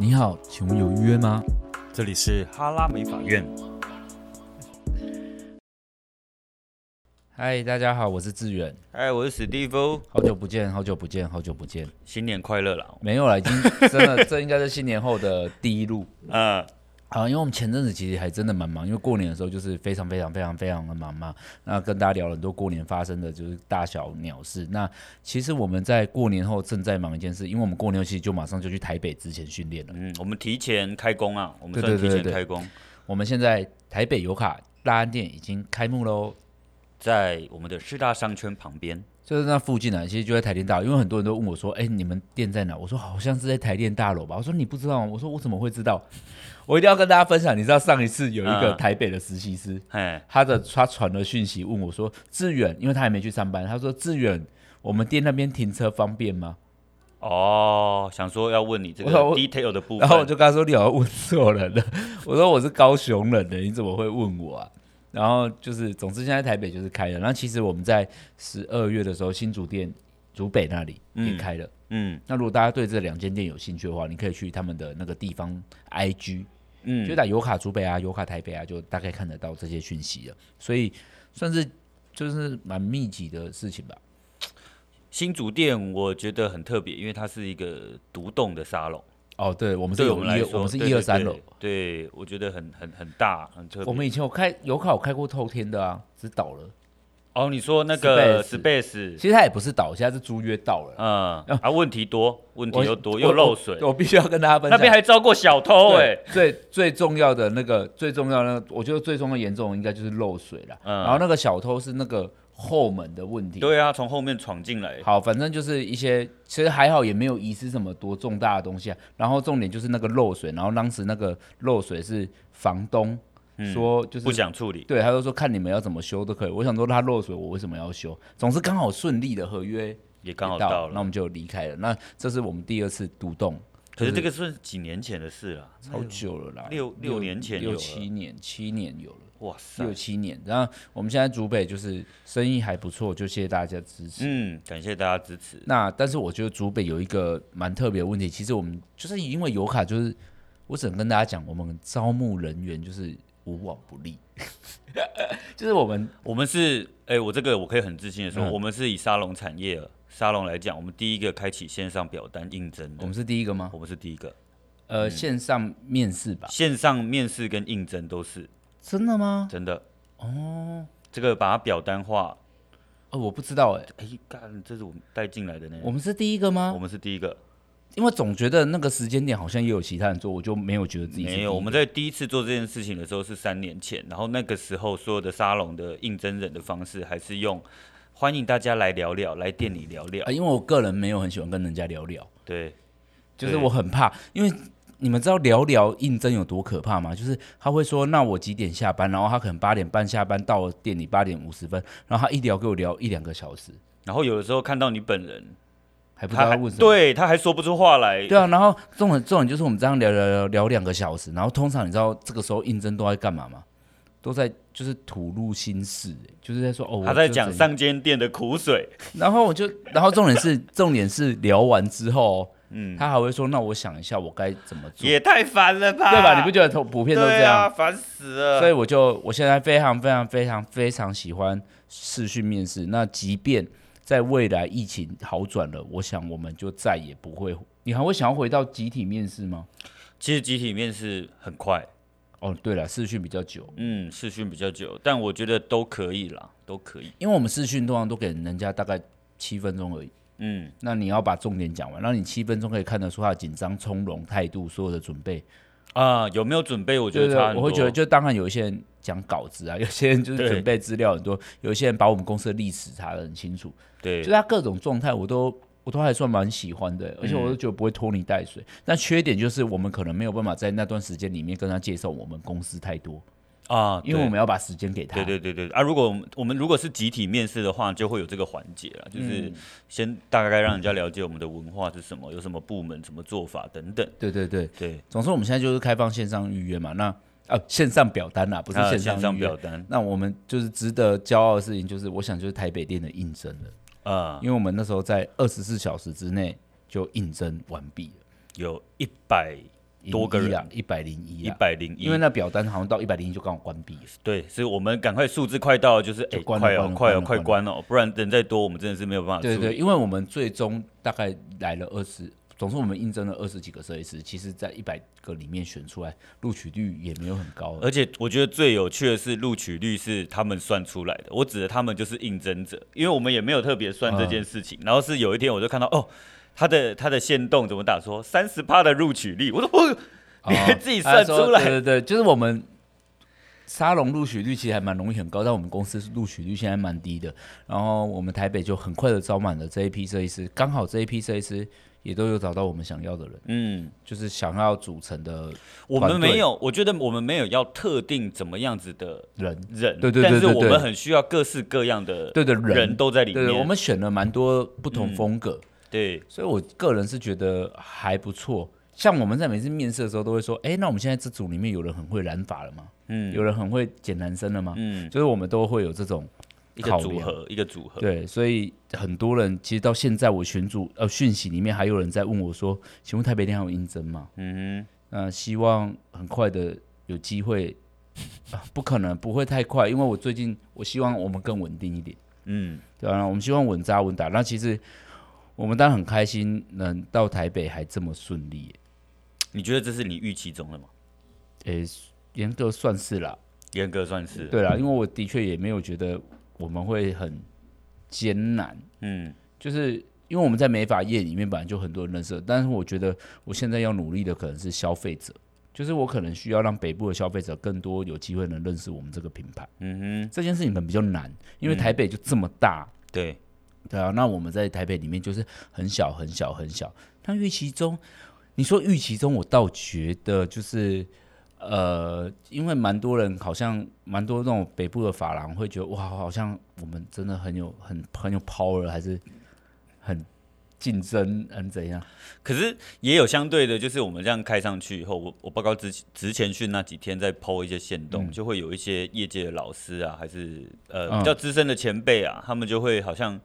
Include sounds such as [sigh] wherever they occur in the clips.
你好，請問有預約嗎？這裡是哈拉美髮院。嗨，大家好，我是志遠。嗨，我是史蒂夫。好久不見，好久不見，好久不見。新年快樂啦！沒有啦，已經 [laughs] 真的，這應該是新年後的第一路、uh. 好，因為我們前陣子其實還真的蠻忙，因為過年的時候就是非常非常非常非常的忙嘛。那跟大家聊了很多過年發生的就是大小鳥事。那其實我們在過年後正在忙一件事，因為我們過年期其實就馬上就去台北之前訓練了。嗯，我們提前開工啊，我們算提前開工，對對對對對。我們現在台北有卡大安店已經開幕嘍，在我們的師大商圈旁邊。就是那附近啊，其實就在台電大樓。因為很多人都問我說：“哎、欸，你們店在哪？”我說：“好像是在台電大樓吧。”我說：“你不知道嗎？”我說：“我怎麼會知道？我一定要跟大家分享。”你知道上一次有一個台北的實習師、嗯，他的、嗯、他傳了訊息問我說：“志遠，因為他還沒去上班，他說志遠，我們店那邊停車方便嗎？”哦，想說要問你這個 detail 的部分，然後我就跟他說：“你好像問錯人了， [laughs] 我說我是高雄人的，你怎麼會問我啊？”然後就是，總之現在台北就是開了。那其實我們在十二月的時候，新竹店、竹北那裡也開了嗯。嗯，那如果大家對這兩間店有興趣的話，你可以去他們的那個地方 IG，嗯，就打遊卡竹北啊、遊卡台北啊，就大概看得到這些訊息了。所以算是就是蠻密集的事情吧。新竹店我覺得很特別，因為它是一個獨棟的沙龍。哦，對，我們是有一我們，我們是一二三樓，對，對，對，對，對我覺得很很很大，很特別。我們以前有開有考開過透天的啊，是倒了。哦，你說那個 space，其實它也不是倒，現在是租約到了。嗯啊，啊，問題多，問題又多，又漏水我我。我必須要跟大家分享，那邊還遭過小偷哎、欸。最最重要的那個，最重要的、那個，我覺得最重要的嚴重的應該就是漏水了。嗯，然後那個小偷是那個。後門的問題，對啊，從後面闖進來。好，反正就是一些，其實還好，也沒有遺失什麼多重大的東西、啊。然後重點就是那個漏水，然後當時那個漏水是房東、嗯、說就是不想處理，對，他就說，說看你們要怎麼修都可以。我想說他漏水，我為什麼要修？總是剛好順利的合約也剛好到了，那我們就離開了。那這是我們第二次獨棟、就是，可是這個是幾年前的事了、啊，好久了啦，六六年前有了，六七年，七年有了。哇塞，六七年，然後我們現在竹北就是生意還不錯，就謝謝大家支持。嗯，感謝大家支持。那但是我覺得竹北有一個蠻特別的問題，其實我們就是因為有卡，就是我只能跟大家講，我們招募人員就是無往不利。 [laughs] 就是我們，我們是哎、欸，我這個我可以很自信的說、嗯，我們是以沙龍產業沙龍來講，我們第一個開啟線上表單應徵。我們是第一個嗎？我們是第一個。嗯、呃，線上面試吧。線上面試跟應徵都是。真的嗎？真的哦，這個把它表單化，哦、呃，我不知道哎、欸，哎、欸，幹，這是我們帶進來的那個。我們是第一個嗎？我們是第一個，因為總覺得那個時間點好像也有其他人做，我就沒有覺得自己是沒有。我們在第一次做這件事情的時候是三年前，然後那個時候所有的沙龍的應徵人的方式還是用歡迎大家來聊聊，來店裡聊聊。啊、嗯呃，因為我個人沒有很喜歡跟人家聊聊，對，就是我很怕，因為。你們知道聊聊應徵有多可怕嗎？就是他會說，那我幾點下班？然後他可能八點半下班到我店裡八點五十分，然後他一聊給我聊一兩個小時。然後有的時候看到你本人，還不知道他問什麼他，對，他還說不出話來。對啊，然後重點重點就是我們這樣聊聊聊聊兩個小時。然後通常你知道這個時候應徵都在幹嘛嗎？都在就是吐露心事、欸，就是在說哦他在講上間店的苦水。 [laughs] 然後我就，然後重點是重點是聊完之後，嗯，他還會說：“那我想一下，我該怎麼做？”也太煩了吧，對吧？你不覺得普遍都這樣？對啊，煩死了。所以我就我現在非常非常非常非常，非常喜歡視訊面試。那即便在未來疫情好轉了，我想我們就再也不會。你還會想要回到集體面試嗎？其實集體面試很快哦。對了，視訊比較久，嗯，視訊比較久，但我覺得都可以啦，都可以。因為我們視訊通常都給人家大概七分鐘而已。嗯，那你要把重點講完，讓你七分鐘可以看得出他緊張、從容、態度、所有的準備啊，有沒有準備？我覺得差很多。對對對，我會覺得，就當然有一些人講稿子啊，有些人就是準備資料很多，有一些人把我們公司的歷史查得很清楚。對，就他各種狀態，我都我都還算蠻喜歡的欸，而且我都覺得不會拖泥帶水。嗯。那缺點就是我們可能沒有辦法在那段時間裡面跟他介紹我們公司太多。啊，因為我們要把時間給他。對對對對啊，如果我們，我們如果是集體面試的話，就會有這個環節了，就是先大概讓人家了解我們的文化是什麼，嗯、有什麼部門、什麼做法等等。對對對對，總之我們現在就是開放線上預約嘛，那啊線上表單啦，不是線上預約，啊、線上表單。那我們就是值得驕傲的事情，就是我想就是台北店的應徵了啊，因為我們那時候在二十四小時之內就應徵完畢了，有一百。多個人，一百零一，一百零一，因為那表單好像到一百零一就剛好關閉。對，所以我們趕快數字快到，就是快哦、欸，快哦，快關哦。不然人再多，我們真的是沒有辦法。對，對對，因為我們最終大概來了二十，總之我們應徵了二十幾個設計師，其實在一百個裡面選出來，錄取率也沒有很高。而且我覺得最有趣的是錄取率是他們算出來的，我指的他們就是應徵者，因為我們也沒有特別算這件事情、嗯。然後是有一天我就看到哦。他的他的限動怎麼打說？說三十趴的錄取率，我都不，、哦，你還自己算出來？啊、對、對對，就是我們沙龍錄取率其實還蠻容易很高，但我們公司是錄取率現在蠻低的。然後我們台北就很快的招滿了這一批設計師，剛好這一批設計師也都有找到我們想要的人，嗯，就是想要組成的。的我們沒有，我覺得我們沒有要特定怎麼樣子的人人，對對對、對對對，但是我們很需要各式各樣的對的人，人都在裡面對。我們選了蠻多不同風格。嗯嗯對，所以我個人是覺得還不錯。像我們在每次面試的時候，都會說：“哎，那我們現在這組裡面有人很會染髮了嗎？嗯，有人很會剪男生了嗎？嗯，以、就是、我們都會有這種一個組合，一個組合。對，所以很多人其實到現在我選，我群組呃訊息裡面還有人在問我說：‘請問台北店還有應徵嗎？’嗯，那希望很快的有機會，不可能不會太快，因為我最近我希望我們更穩定一點。嗯，對啊，我們希望穩扎穩打。那其實。我們當然很開心能到台北還這麼順利。欸，你覺得這是你預期中的嗎？誒、欸，嚴格算是啦，嚴格算是，對啦，因為我的確也沒有覺得我們會很艱難，嗯，就是因為我們在美髮業裡面本來就很多人認識，但是我覺得我現在要努力的可能是消費者，就是我可能需要讓北部的消費者更多有機會能認識我們這個品牌，嗯哼，這件事情可能比較難，因為台北就這麼大，嗯、對。對啊，那我們在台北裡面就是很小很小很小。但預期中，你說預期中，我倒覺得就是，呃，因為蠻多人好像蠻多那種北部的髮廊會覺得，哇，好像我們真的很有很很有 power，還是很。競爭很、嗯、怎樣？可是也有相對的，就是我們這樣開上去以後，我我報告職前訓那幾天，在 po 一些限動、嗯、就會有一些業界的老師啊，還是呃比較資深的前輩啊、嗯，他們就會好像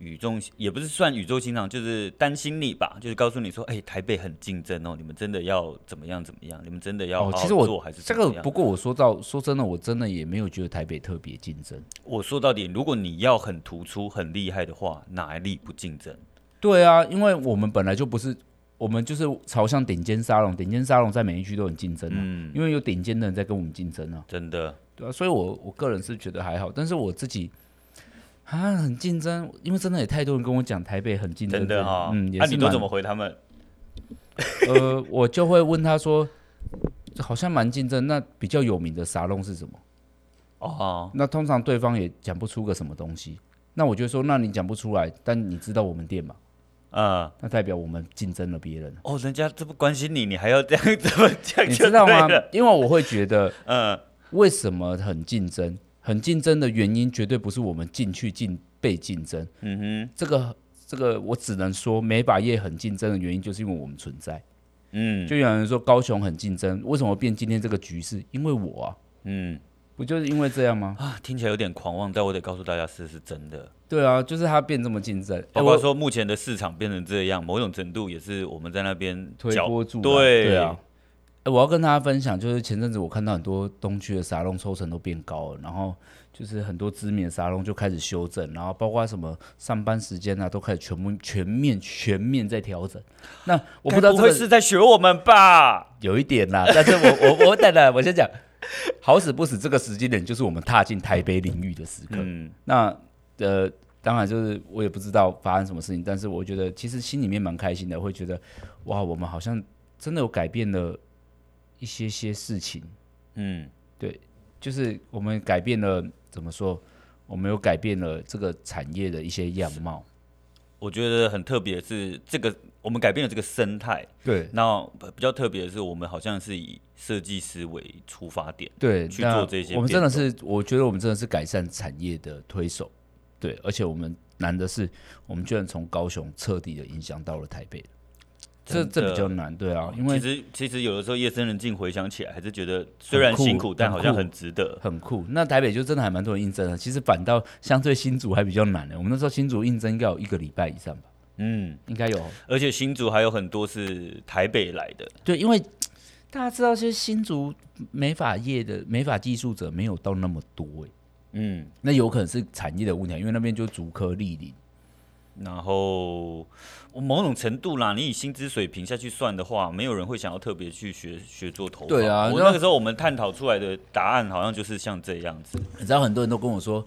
語重也不是算語重心長，就是擔心你吧，就是告訴你說，哎、欸，台北很競爭哦，你們真的要怎麼樣怎麼樣，你們真的要好好做、哦、其實我還是這個不過我說到說真的，我真的也沒有覺得台北特別競爭、嗯。我說到底，如果你要很突出、很厲害的話，哪一例不競爭？對啊，因為我們本來就不是，我們就是朝向頂尖沙龍，頂尖沙龍在每一區都很競爭啊、嗯，因為有頂尖的人在跟我們競爭啊，真的，對啊，所以我我個人是覺得還好，但是我自己啊很競爭，因為真的也太多人跟我講台北很競爭，真的、哦、嗯，那、啊、你都怎麼回他們？ [laughs] 呃，我就會問他說，好像蠻競爭，那比較有名的沙龍是什麼？哦、oh.，那通常對方也講不出個什麼東西，那我就說，那你講不出來，但你知道我們店嘛？呃、嗯、那代表我們競爭了別人哦，人家這不關心你，你還要這樣怎麼講？你知道嗎？因為我會覺得，嗯，為什麼很競爭？嗯、很競爭的原因絕對不是我們進去競被競爭。嗯哼，這個這個，我只能說，美髮業很競爭的原因就是因為我們存在。嗯，就有人說高雄很競爭，為什麼變今天這個局勢？因為我啊，嗯。不就是因為這樣嗎？啊，聽起來有點狂妄，但我得告訴大家是，是是真的。對啊，就是它變這麼競爭，包括說目前的市場變成這樣，欸、某種程度也是我們在那邊推波助瀾。對啊、欸，我要跟大家分享，就是前陣子我看到很多東區的沙龍抽成都變高了，然後就是很多知名沙龍就開始修正、嗯，然後包括什麼上班時間啊，都開始全部全面全面在調整。那我不知道、這個，不會是在學我們吧？有一點啦，但是我 [laughs] 我我等等，我先講。 [laughs] 好死不死，這個時間點就是我們踏進台北領域的時刻。嗯，那呃，當然就是我也不知道發生什麼事情，但是我覺得其實心裡面蠻開心的，會覺得哇，我們好像真的有改變了一些些事情。嗯，對，就是我們改變了怎麼說，我們有改變了這個產業的一些樣貌。我覺得很特別的是，這個我們改變了這個生態。對，然後比較特別的是，我們好像是以設計師為出發點，對，去做這些。我們真的是，我覺得我們真的是改善產業的推手。對，而且我們難的是，我們居然從高雄徹底的影響到了台北了。這這比較難，對啊，因為其實其實有的時候夜深人靜回想起來，還是覺得雖然辛苦，但好像很值得，很酷。很酷那台北就真的還蠻多人應徵的，其實反倒相對新竹還比較難的。我們那時候新竹應徵要一個禮拜以上吧，嗯，應該有,而，有、嗯，而且新竹還有很多是台北來的。對，因為大家知道，其實新竹美髮業的美髮技術者沒有到那麼多，嗯，那有可能是產業的問題，因為那邊就竹科立林。然後，某種程度啦，你以薪資水平下去算的話，沒有人會想要特別去學學做頭髮。對啊，我那個時候我們探討出來的答案好像就是像這樣子。你知道很多人都跟我說，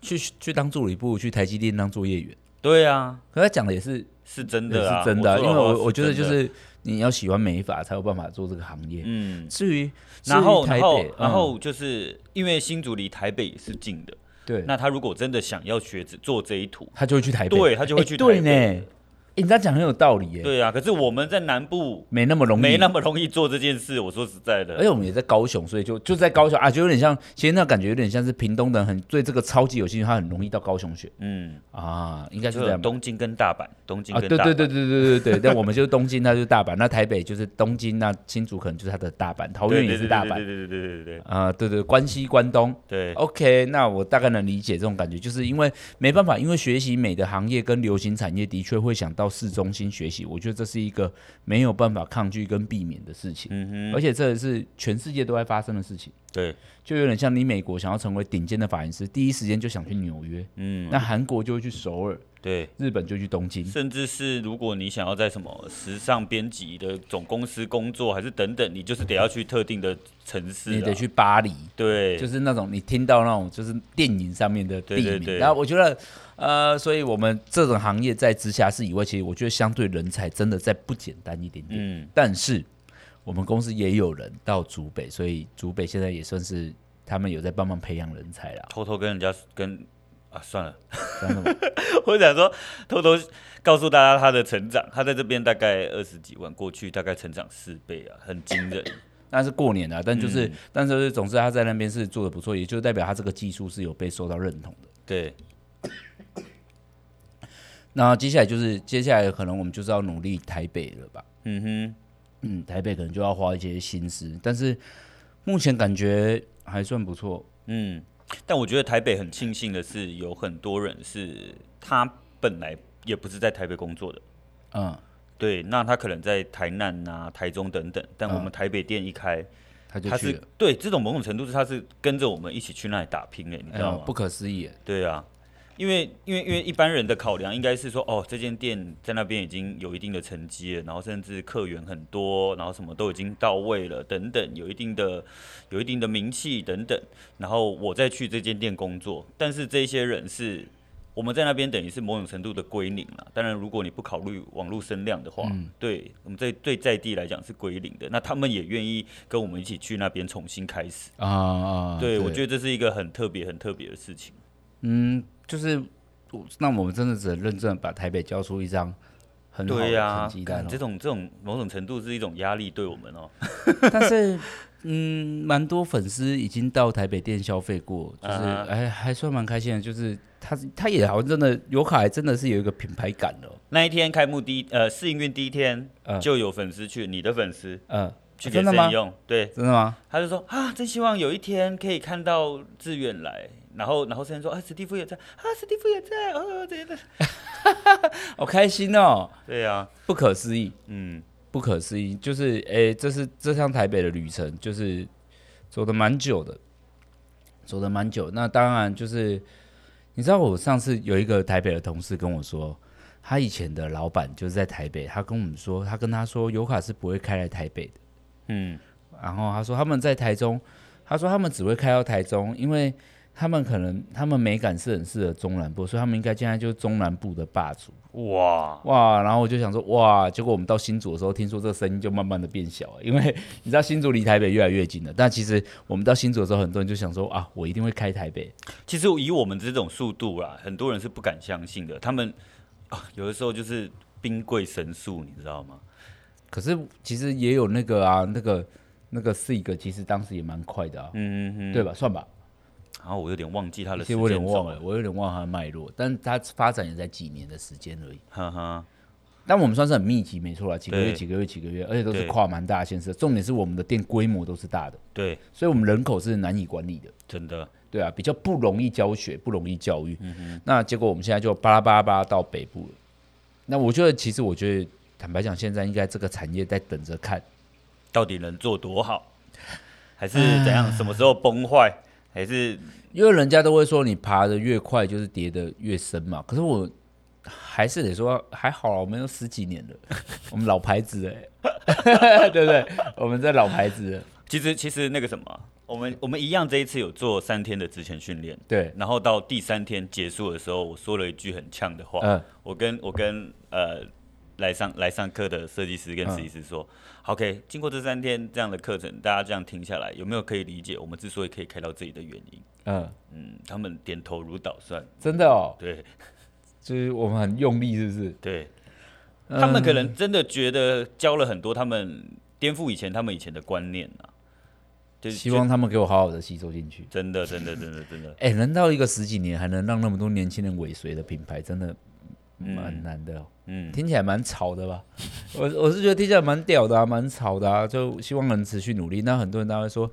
去去當助理部，去台積電當作業員。對啊，可他講的也是是真的、啊，是真的，啊，的是真的，因為我我覺得就是你要喜歡美髮才有辦法做這個行業。嗯，至於然後於台北然後，嗯，然後就是因為新竹離台北也是近的。對，那他如果真的想要學做這一圖，他就會去台北，對，他就會去台北，欸對欸、你人家講很有道理耶、欸。對啊，可是我們在南部沒那麼容易，沒那麼容易做這件事。我說實在的，而、欸、且我們也在高雄，所以就就在高雄啊，就有點像，其實那感覺有點像是屏東的人很對這個超級有興趣，他很容易到高雄去。嗯啊，應該是這樣。東京跟大阪，東京跟大阪。啊、對，對，對對對對對對對，那 [laughs] 我們就是東京，那就是大阪，那台北就是東京， [laughs] 那新竹可能就是它的大阪，桃園也是大阪。對對對對對對對，對，對，對，對，對，對。啊，對對，對，關西、關東。對，OK，那我大概能理解這種感覺，就是因為沒辦法，因為學習美的行業跟流行產業的確會想到。到市中心學習，我覺得這是一個沒有辦法抗拒跟避免的事情。嗯哼。而且這也是全世界都在發生的事情。對，就有點像你美國想要成為頂尖的髮型師，第一時間就想去紐約。嗯，那韓國就會去首爾。對，日本就去東京，甚至是如果你想要在什麼時尚編輯的總公司工作，還是等等，你就是得要去特定的城市，你得去巴黎。對，就是那種你聽到那種就是電影上面的地名。對對對，然後我覺得對對對，呃，所以我們這種行業在直轄市以外，其實我覺得相對人才真的在不簡單一點點，嗯。但是我們公司也有人到竹北，所以竹北現在也算是他們有在幫忙培養人才了。偷偷跟人家跟。啊，算了， [laughs] 我想說，偷偷告訴大家他的成長。他在這邊大概二十幾萬，過去大概成長四倍啊，很驚人。但 [coughs] 是過年啊，但就是，嗯、但是總之他在那邊是做的不錯，也就代表他這個技術是有被受到認同的。對。 [coughs] 那接下來就是接下來可能我們就是要努力台北了吧？嗯哼，嗯，台北可能就要花一些心思，但是目前感覺還算不錯。嗯。但我覺得台北很慶幸的是，有很多人是他本來也不是在台北工作的，嗯，對，那他可能在台南吶、啊、台中等等，但我們台北店一開、嗯，他就去他對，這種某種程度是他是跟着我們一起去那裡打拼的，你知道嗎？哎呃、不可思議。對啊。因為因為因為一般人的考量應該是說哦，這間店在那邊已經有一定的成績了，然後甚至客源很多，然後什麼都已經到位了，等等，有一定的有一定的名氣等等，然後我再去這間店工作。但是這些人是我們在那邊等於是某種程度的歸零了。當然，如果你不考慮網絡聲量的話，嗯、對，我們在對在地來講是歸零的。那他們也願意跟我們一起去那邊重新開始啊對！對，我覺得這是一個很特別很特別的事情。嗯。就是，那我們真的只能認真把台北交出一張，啊，很好成績單哦。這種這種某種程度是一種壓力對我們哦。 [laughs] 但是，嗯，蠻多粉絲已經到台北店消費過，就是還、uh -huh. 哎，還算蠻開心的。就是他他也好像真的，有卡還真的是有一個品牌感的。哦。那一天開幕第一呃試營運第一天就有粉絲去，你的粉絲，嗯，呃，去跟他們用。對，真的嗎？他就說啊，真希望有一天可以看到志遠來。然後，然後，現在說：“啊，史蒂夫也在，啊，史蒂夫也在，哦、啊，真、啊、的，哈、啊啊啊啊啊啊、 [laughs] 好開心哦、喔！”對呀、啊，不可思議，嗯，不可思議。就是，哎、欸，這是這趟台北的旅程，就是走的蠻久的，走得蠻久。那當然就是，你知道，我上次有一個台北的同事跟我說，他以前的老板就是在台北，他跟我們說，他跟他說，油卡是不會開來台北的，嗯，然後他說他們在台中，他說他們只會開到台中，因為。他們可能，他們美感是很適合中南部，所以他們應該現在就是中南部的霸主。哇哇！然後我就想說，哇！結果我們到新竹的時候，聽說這個聲音就慢慢的變小了，因為你知道新竹離台北越來越近了。但其實我們到新竹的時候，很多人就想說啊，我一定會開台北。其實以我們這種速度啦，很多人是不敢相信的。他們、啊、有的時候就是兵貴神速，你知道嗎？可是其實也有那個啊，那個那個四一個，其實當時也蠻快的、啊、嗯嗯嗯，對吧？算吧。然、啊、後我有點忘記他的時間，其實我有點忘了，我有點忘他的脈絡，但是他發展也在幾年的時間而已。哈哈，但我們算是很密集，沒錯啦，幾個月、幾個月、幾個月，而且都是跨蠻大的縣市。重點是我們的店規模都是大的，對，所以我們人口是難以管理的，真的，對啊，比較不容易教學，不容易教育。嗯哼，那結果我們現在就巴拉巴拉巴拉到北部了。那我覺得，其實我覺得，坦白講，現在應該這個產業在等着看，到底能做多好，還是怎樣？啊、什麼時候崩壞？還是因為人家都會說你爬得越快就是跌得越深嘛，可是我還是得說還好，我們有十幾年了，我們老牌子哎、欸，對不對？我們在老牌子。其實其實那個什麼，我們我們一樣，這一次有做三天的職前訓練，對，然後到第三天結束的時候，我說了一句很嗆的話，嗯，我跟我跟呃。來上來上課的設計師跟設計師說、嗯、，OK，經過這三天這樣的課程，大家這樣聽下來，有沒有可以理解我們之所以可以開到自己的原因？嗯嗯，他們點頭如搗蒜，真的哦，對，就是我們很用力，是不是？對、嗯，他們可能真的覺得教了很多，他們顛覆以前他們以前的觀念啊，就是希望他們給我好好的吸收進去。真的，真的，真的，真的。哎、 [laughs] 欸，能到一個十幾年還能讓那麼多年輕人尾隨的品牌，真的蠻難的。嗯嗯，聽起來蠻吵的吧？我 [laughs] 我是覺得聽起來蠻屌的，啊，蠻吵的，啊，就希望能持續努力。那很多人都會說，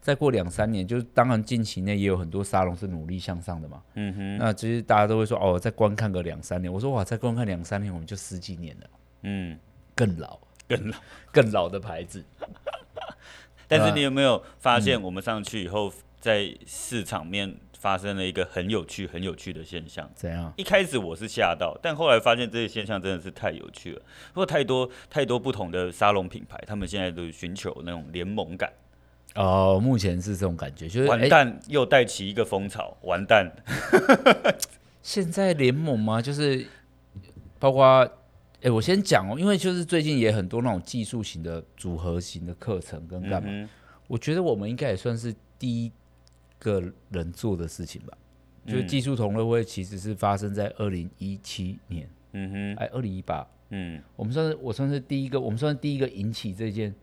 再過兩三年，就當然近期內也有很多沙龍是努力向上的嘛。嗯哼，那其實大家都會說哦，再觀看個兩三年，我說哇，再觀看兩三年，我們就十幾年了。嗯，更老，更老，更老的牌子。 [laughs] 但是你有沒有發現，我們上去以後？嗯在市場面發生了一個很有趣、很有趣的現象。怎樣？一開始我是嚇到，但後來發現這些現象真的是太有趣了。不過太多、太多不同的沙龍品牌，他們現在都尋求那種聯盟感。哦，目前是這種感覺，就是完蛋、欸、又帶起一個風潮，完蛋。 [laughs] 現在聯盟嗎？就是包括，哎、欸，我先講哦，因為就是最近也很多那種技術型的、組合型的課程跟幹嘛、嗯，我覺得我們應該也算是第一。個人做的事情吧，嗯、就是技術同樂會其實是發生在二零一七年，嗯哼，哎，二零一八，嗯，我們算是我算是第一個，我們算是第一個引起這件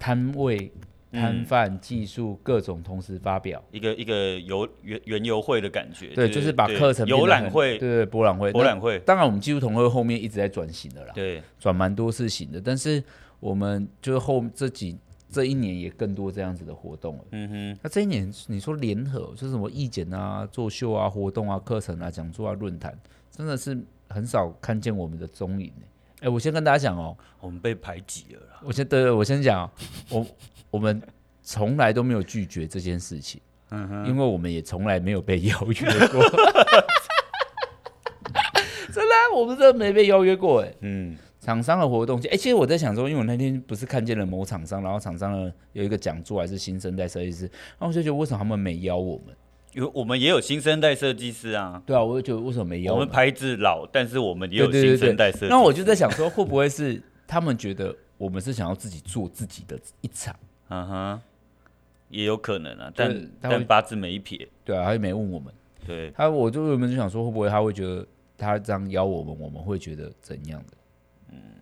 攤位攤販、嗯、技術各種同時發表，一個一個遊園園遊會的感覺，對，對就是把課程遊覽會，對，對，對博覽會博覽會，當然我們技術同樂會後面一直在轉型的啦，對，轉蠻多次型的，但是我們就是後這幾這一年也更多這樣子的活動了。嗯哼，那、啊、這一年你說聯合就是什麼義剪啊、作秀啊、活動啊、課程啊、講座啊、論壇，真的是很少看見我們的蹤影，哎、欸欸，我先跟大家講哦、喔，我們被排擠了。我先對，我先講、喔， [laughs] 我我們從來都沒有拒絕這件事情，嗯哼，因為我們也從來沒有被邀約過， [laughs] [laughs] [laughs] 真的、啊，我們真的沒被邀約過哎、欸。嗯。廠商的活動，哎、欸，其實我在想說，因為我那天不是看見了某廠商，然後廠商呢有一個講座，還是新生代設計師，然後我就覺得，為什麼他們沒邀我們？因為我們也有新生代設計師啊。對啊，我就覺得為什麼沒邀我們？我們牌子老，但是我們也有新生代設計師，對對對對。那我就在想說，會不會是他們覺得我們是想要自己做自己的一場？啊 [laughs] 哈、 [laughs] uh-huh, 也有可能啊。但，但他們八字沒一撇，對啊，他就沒問我們。對他，我就我們就想說，會不會他會覺得他這樣邀我們，我們會覺得怎樣的？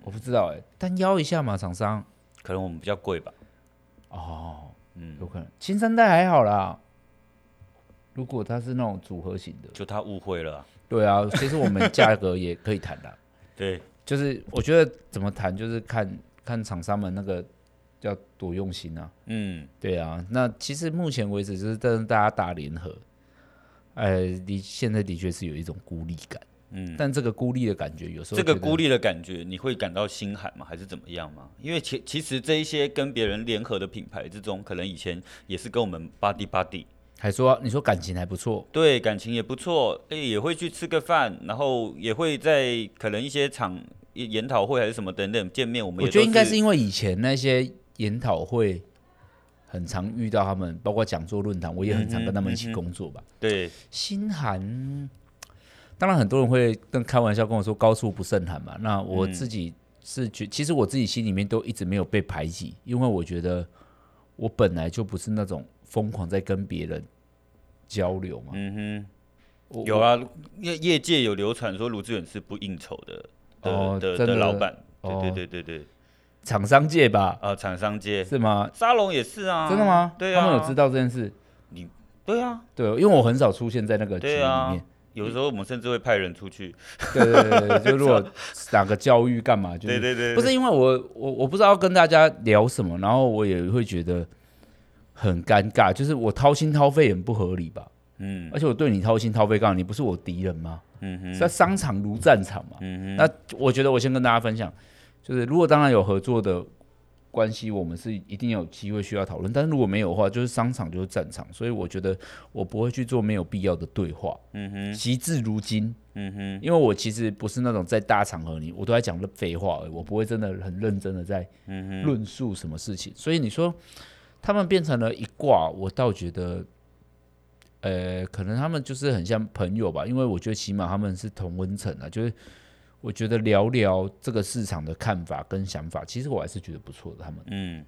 我不知道哎，、欸，但邀一下嘛，廠商，可能我們比較貴吧。哦，嗯，有可能。青山帶還好啦，如果他是那種組合型的，就他誤會了。對啊，其實我們價格也可以談的。 [laughs] 對，就是我覺得怎麼談，就是看看廠商們那個要多用心啊。嗯，對啊，那其實目前為止就是跟大家打聯合，呃、欸，你現在的確是有一種孤立感。嗯，但這個孤立的感覺，有時候這個孤立的感覺，你會感到心寒嗎？還是怎麼樣嗎？因為其其實這一些跟別人聯合的品牌之中，可能以前也是跟我們 buddy buddy，還說、啊、你說感情還不錯，對感情也不錯，哎、欸，也會去吃個飯，然後也會在可能一些場研討會還是什麼等等見面。我們也我覺得應該是因為以前那些研討會很常遇到他們，包括講座論壇，我也很常跟他們一起工作吧。嗯嗯嗯嗯對，心寒。當然，很多人會跟開玩笑跟我說“高處不勝寒”嘛。那我自己是覺、嗯，其實我自己心裡面都一直沒有被排擠，因為我覺得我本來就不是那種瘋狂在跟別人交流嘛。嗯哼，有啊，業業界有流傳說盧志遠是不應酬的的，、哦、的，真的的，的老闆，對對對對、哦、對，對，對，廠商界吧，啊，廠商界是嗎？沙龍也是啊，真的嗎？對、啊，他們有知道這件事？你對啊，對，因為我很少出現在那個局裡面。有的時候我們甚至會派人出去對對對對、 [laughs] 就是，對對對，就是如果打個教育幹嘛，就是對對對，不是因為我我我不知道跟大家聊什麼，然後我也會覺得很尷尬，就是我掏心掏肺很不合理吧，嗯，而且我對你掏心掏肺，告訴你不是我敵人嗎？嗯哼，在商場如戰場嘛，嗯哼，那我覺得我先跟大家分享，就是如果當然有合作的。關係我們是一定有機會需要討論，但是如果沒有的話，就是商場就是戰場，所以我覺得我不會去做沒有必要的對話。嗯哼，惜字如金，嗯哼，因為我其實不是那種在大場合裡我都在講的廢話而已，我不會真的很認真的在論述什麼事情。嗯、所以你說他們變成了一掛，我倒覺得，呃，可能他們就是很像朋友吧，因為我覺得起碼他們是同溫層啊，就是。我覺得聊聊這個市場的看法跟想法，其實我還是覺得不錯的。他們，嗯，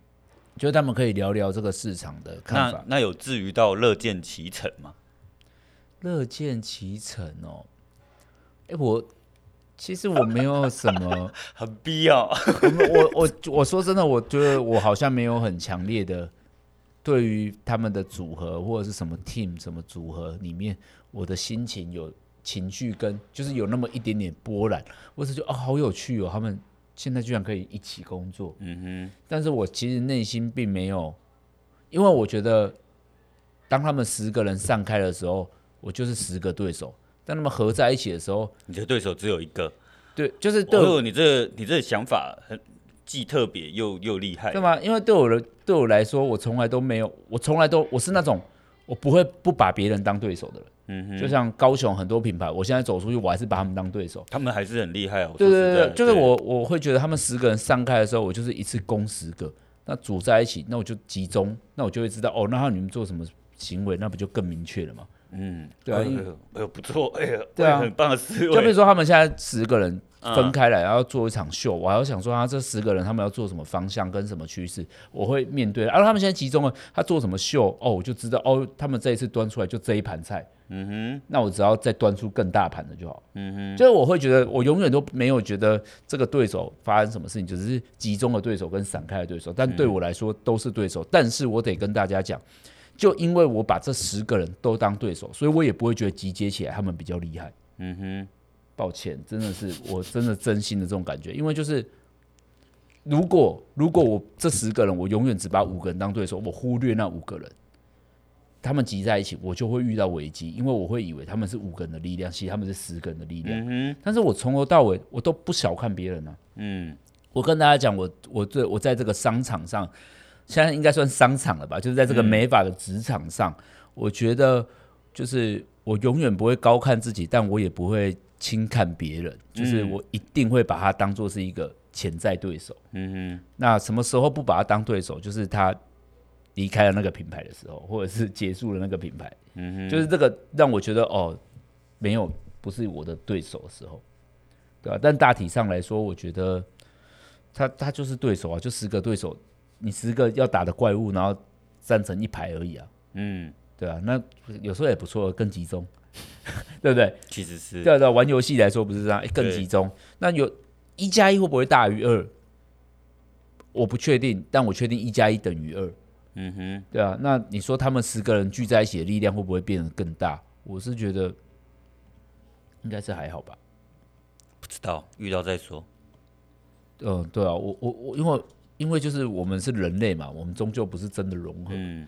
就他們可以聊聊這個市場的看法。那，那有至於到樂見其成嗎？樂見其成哦，哎、欸，我其實我沒有什麼 [laughs] 很必要。 [laughs] 我我我，我說真的，我覺得我好像沒有很強烈的對於他們的組合或者是什麼 team 什麼組合裡面，我的心情有。情緒跟就是有那麼一點點波瀾，我只覺得啊、哦、好有趣哦，他們現在居然可以一起工作，嗯哼。但是我其實內心並沒有，因為我覺得，當他們十個人散開的時候，我就是十個對手；當他們合在一起的時候，你的對手只有一個。對，就是對我、哦、你這個、你這個想法很既特別又又厲害，對嗎？因為對我的對我來說，我從來都沒有，我從來都我是那種。我不會不把別人當對手的，嗯哼，就像高雄很多品牌，我現在走出去，我還是把他們當對手，他們還是很厲害哦，對對對對。對對對，就是我我會覺得他們十個人散開的時候，我就是一次攻十個，那組在一起，那我就集中，那我就會知道哦，那你們做什麼行為，那不就更明確了嘛？嗯，對，哎呦，哎呦不錯，哎呦。對啊，哎、很棒的思維。就比如說他們現在十個人。Uh. 分開來，然後做一場秀，我還要想說，他、啊、這十個人他們要做什麼方向跟什麼趨勢，我會面對。後、啊、他們現在集中了，他做什麼秀，哦，我就知道，哦，他們這一次端出來就這一盤菜，嗯哼，那我只要再端出更大盤的就好，嗯哼，就是我會覺得，我永遠都沒有覺得這個對手發生什麼事情，只、就是集中的對手跟散開的對手，但對我來說都是對手。Uh-huh. 但是我得跟大家講，就因為我把這十個人都當對手，所以我也不會覺得集結起來他們比較厲害，嗯哼。抱歉，真的是我，真的真心的這種感覺，因為就是，如果如果我這十個人，我永遠只把五個人當對手，我忽略那五個人，他們擠在一起，我就會遇到危機，因為我會以為他們是五個人的力量，其實他們是十個人的力量。嗯，但是，我從頭到尾，我都不小看別人呢、啊。嗯。我跟大家講，我我這我在這個商場上，現在應該算商場了吧？就是在這個美髮的職場上、嗯，我覺得就是我永遠不會高看自己，但我也不會，輕看別人，就是我一定會把他當做是一個潛在對手。嗯哼，那什麼時候不把他當對手，就是他離開了那個品牌的時候，或者是結束了那個品牌。嗯哼，就是這個讓我覺得哦，沒有不是我的對手的時候，對吧？但大體上來說，我覺得他他就是對手啊，就十個對手，你十個要打的怪物，然後站成一排而已啊。嗯，對啊，那有時候也不錯，更集中。 [laughs] 對不對？其實是對對、啊，玩遊戲來說不是這樣，更集中。那有一加一會不會大於二？我不確定，但我確定一加一等於二。嗯哼，對啊。那你說他們十個人聚在一起的力量會不會變得更大？我是覺得應該是還好吧，不知道遇到再說。嗯，對啊，我我我，因為因為就是我們是人類嘛，我們終究不是真的融合。嗯，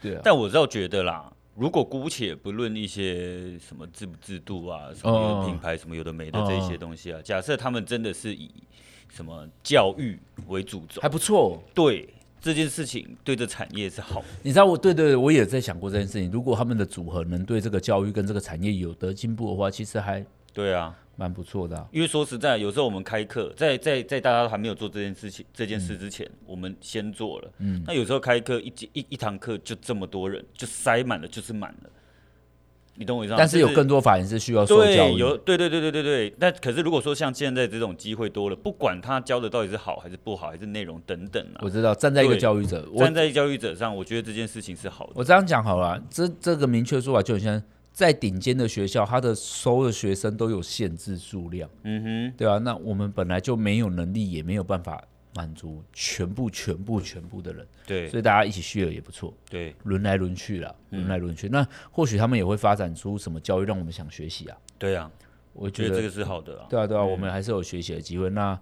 對啊。但我倒覺得啦。如果姑且不論一些什麼制不制度啊，什麼有品牌、嗯，什麼有的沒的這些東西啊，嗯、假設他們真的是以什麼教育為主軸，還不錯、哦，對這件事情，對這產業是好。你知道我，我對對對，我也在想過這件事情。如果他們的組合能對這個教育跟這個產業有得進步的話，其實還對啊。蠻不錯的、啊，因為說實在，有時候我們開課，在在在大家都還沒有做這件事情這件事之前、嗯，我們先做了。嗯，那有時候開課一節一一堂課就這麼多人，就塞滿了，就是滿了。你懂我意思嗎？但是有更多法人是需要教是對，有對對對對對對。那可是如果說像現在這種機會多了，不管他教的到底是好還是不好，還是內容等等啊，我知道站在一個教育者，站在一個教育者上，我覺得這件事情是好的。我這樣講好了、啊，這這個明確說法就先。在頂尖的學校，他的收的學生都有限制數量，嗯哼，對啊，那我們本來就沒有能力，也沒有辦法滿足全部、全部、全部的人，對，所以大家一起 share 也不錯，對，輪來輪去啦，嗯、輪來輪去。那或許他們也會發展出什麼教育，讓我們想學習啊？對啊，我覺得，覺得這個是好的啊。對啊，對啊、嗯，我們還是有學習的機會。那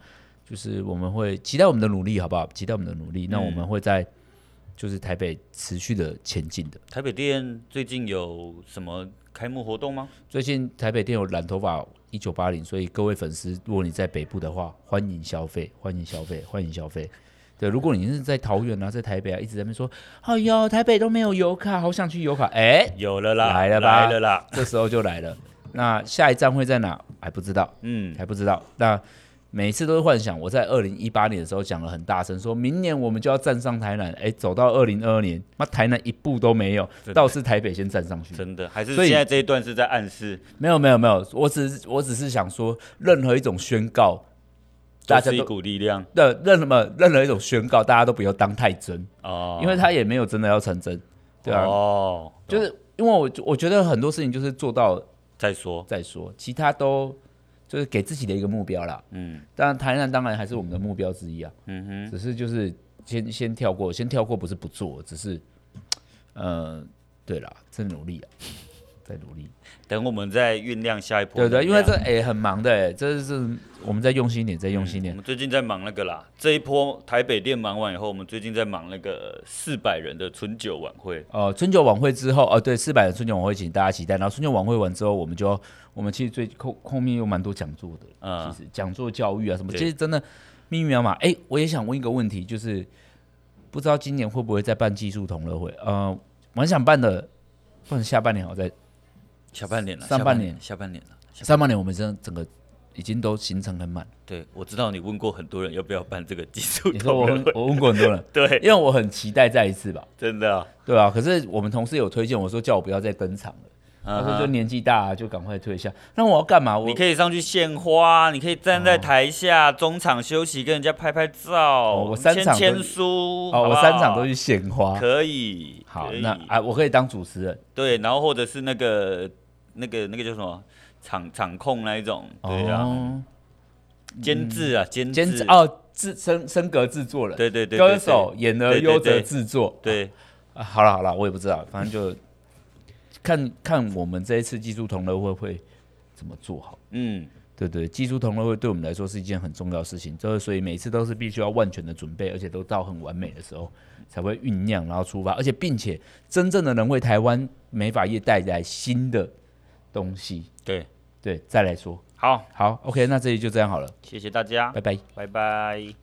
就是我們會期待我們的努力，好不好？期待我們的努力。嗯、那我們會在就是台北持續的前進的。台北店最近有什麼？開幕活動嗎？最近台北店有染頭髮一九八零，所以各位粉絲，如果你在北部的話，歡迎消費，歡迎消費，歡迎消費。對，如果你是在桃園啊，在台北啊，一直在那邊說，哎、哦、呦，台北都沒有游卡，好想去游卡，哎、欸，有了啦，來了吧，來了啦，這時候就來了。 [laughs] 那下一站會在哪？還不知道，嗯，還不知道。那。每一次都是幻想。我在二零一八年的時候講了很大聲，說明年我們就要站上台南。哎，走到二零二二年，那台南一步都沒有對對，倒是台北先站上去。真的，還是所以現在這一段是在暗示？沒有，沒有，沒有。我只是我只是想說，任何一種宣告，大家、就是、一股力量。對，任什麼，任何一種宣告，大家都不要當太真哦，因為他也沒有真的要成真，對吧、啊？哦，就是因為我我覺得很多事情就是做到再說再說，其他都。就是給自己的一個目標啦，嗯，但台南當然還是我們的目標之一啊，嗯哼，只是就是先先跳過，先跳過不是不做，只是，呃，對啦，真努力啊。 [laughs] 在努力，等我們再醞釀下一波，對，對對。因為這哎、欸、很忙的哎、欸，這是我們再用心一點，再用心一點、嗯。我們最近在忙那個啦，這一波台北店忙完以後，我們最近在忙那個四百人的春酒晚會呃。春酒晚會之後，哦、呃、對，四百人春酒晚會請大家期待。然後春酒晚會完之後我，我們就要我們其實最後後面又蠻多講座的，嗯，其實講座教育啊什麼，其實真的密密麻麻。哎、欸，我也想問一個問題，就是不知道今年會不會再辦技術同樂會？呃，我很想辦的，不然下半年我再。下半年了，上半年，下半年了，上半年我們真的整個已經都行程很滿。對，我知道你問過很多人要不要辦這個技術。你說我，我問過很多人， [laughs] 對，因為我很期待再一次吧，真的、哦，對啊。可是我們同事有推薦我說叫我不要再登場了，嗯、他說就年紀大、啊、就趕快退下。那我要幹嘛我？你可以上去獻花，花，你可以站在台下、哦、中場休息跟人家拍拍照，哦、我三場簽書、哦哦，我三場都去獻花，可以。好，那啊，我可以當主持人，對，然後或者是那個。那個那個叫什麼場場控那一種，對、哦、啊，監製啊監監製哦製升升格製作人，對對，對對對，歌手演而優則製作，對，對，對、啊啊，好了好了，我也不知道，反正就 [laughs] 看看我們這一次技術同樂會會怎麼做好。嗯，對對，技術同樂會對我們來說是一件很重要的事情，就是所以每次都是必須要萬全的準備，而且都到很完美的時候才會醞釀，然後出發，而且並且真正的人為台灣美髮業帶來新的東西，對對，再來說，好好，OK，那這裡就這樣好了，謝謝大家，拜拜，拜拜。